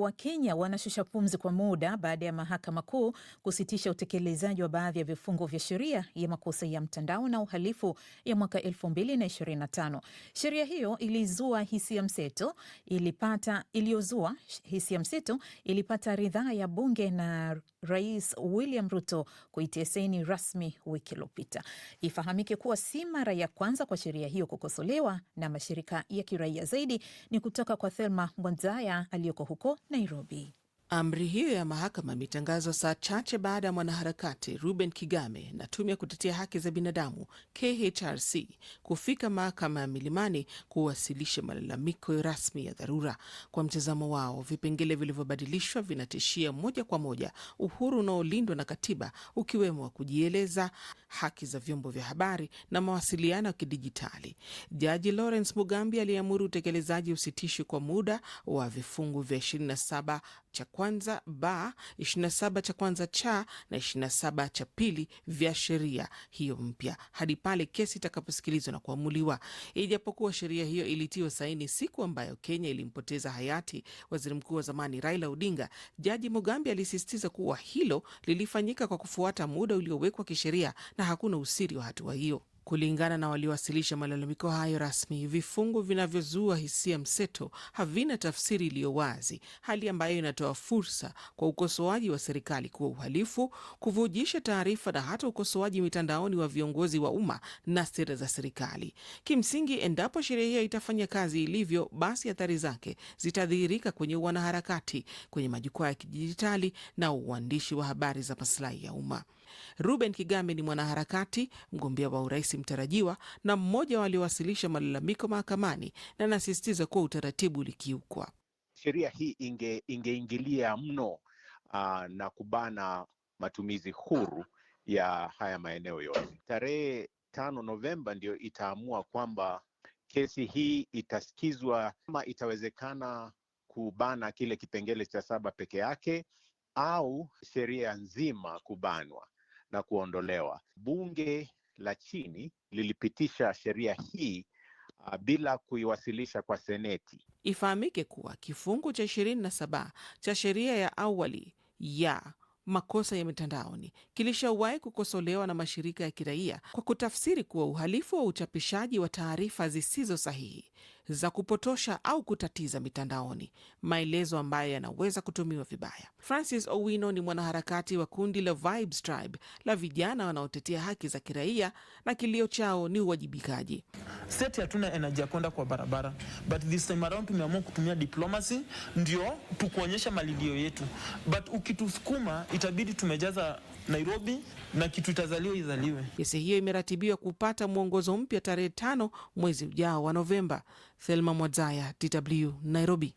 Wakenya wanashusha pumzi kwa muda baada ya mahakama kuu kusitisha utekelezaji wa baadhi ya vifungo vya sheria ya makosa ya mtandao na uhalifu ya mwaka 2025. Sheria hiyo ilizua hisia mseto ilipata iliyozua hisia mseto ilipata ridhaa ya bunge na Rais William Ruto kuitia saini rasmi wiki iliyopita. Ifahamike kuwa si mara ya kwanza kwa sheria hiyo kukosolewa na mashirika ya kiraia. Zaidi ni kutoka kwa Thelma Mwanzaya aliyoko huko Nairobi. Amri hiyo ya mahakama imetangazwa saa chache baada ya mwanaharakati Ruben Kigame na tume ya kutetea haki za binadamu KHRC kufika mahakama ya Milimani kuwasilisha malalamiko rasmi ya dharura. Kwa mtazamo wao, vipengele vilivyobadilishwa vinatishia moja kwa moja uhuru unaolindwa na katiba, ukiwemo wa kujieleza, haki za vyombo vya habari na mawasiliano ya kidijitali. Jaji Lawrence Mugambi aliamuru utekelezaji usitishwe kwa muda wa vifungu vya 27 cha kwanza b 27 cha kwanza cha na 27 cha pili vya sheria hiyo mpya hadi pale kesi itakaposikilizwa na kuamuliwa. Ijapokuwa sheria hiyo ilitiwa saini siku ambayo Kenya ilimpoteza hayati waziri mkuu wa zamani Raila Odinga, Jaji Mugambi alisisitiza kuwa hilo lilifanyika kwa kufuata muda uliowekwa kisheria na hakuna usiri wa hatua hiyo. Kulingana na waliowasilisha malalamiko hayo rasmi, vifungu vinavyozua hisia mseto havina tafsiri iliyo wazi, hali ambayo inatoa fursa kwa ukosoaji wa serikali kuwa uhalifu, kuvujisha taarifa na hata ukosoaji mitandaoni wa viongozi wa umma na sera za serikali. Kimsingi, endapo sheria hiyo itafanya kazi ilivyo, basi athari zake zitadhihirika kwenye wanaharakati, kwenye majukwaa ya kidijitali na uandishi wa habari za masilahi ya umma. Ruben Kigame ni mwanaharakati, mgombea wa urais mtarajiwa na mmoja waliowasilisha malalamiko mahakamani, na anasisitiza kuwa utaratibu ulikiukwa. Sheria hii inge, ingeingilia mno uh, na kubana matumizi huru ya haya maeneo yote. Tarehe tano Novemba ndio itaamua kwamba kesi hii itasikizwa kama itawezekana kubana kile kipengele cha saba peke yake au sheria nzima kubanwa na kuondolewa. Bunge la chini lilipitisha sheria hii uh, bila kuiwasilisha kwa Seneti. Ifahamike kuwa kifungu cha ishirini na saba cha sheria ya awali ya makosa ya mitandaoni kilishawahi kukosolewa na mashirika ya kiraia kwa kutafsiri kuwa uhalifu wa uchapishaji wa taarifa zisizo sahihi za kupotosha au kutatiza mitandaoni, maelezo ambayo yanaweza kutumiwa vibaya. Francis Owino ni mwanaharakati wa kundi la Vibes Tribe la vijana wanaotetea haki za kiraia na kilio chao ni uwajibikaji. Seti hatuna enerji ya kwenda kwa barabara, but this time around tumeamua kutumia diplomacy ndio tukuonyesha malilio yetu, but ukitusukuma itabidi tumejaza Nairobi na kitu itazaliwa izaliwe. Kesi hiyo imeratibiwa kupata mwongozo mpya tarehe tano mwezi ujao wa Novemba. Thelma Mwadzaya, DW, Nairobi.